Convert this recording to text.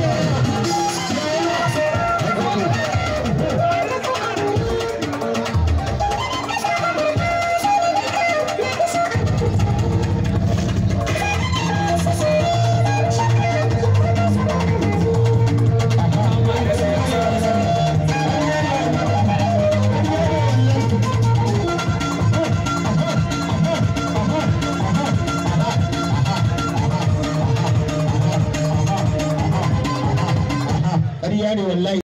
yeah. ne wallahi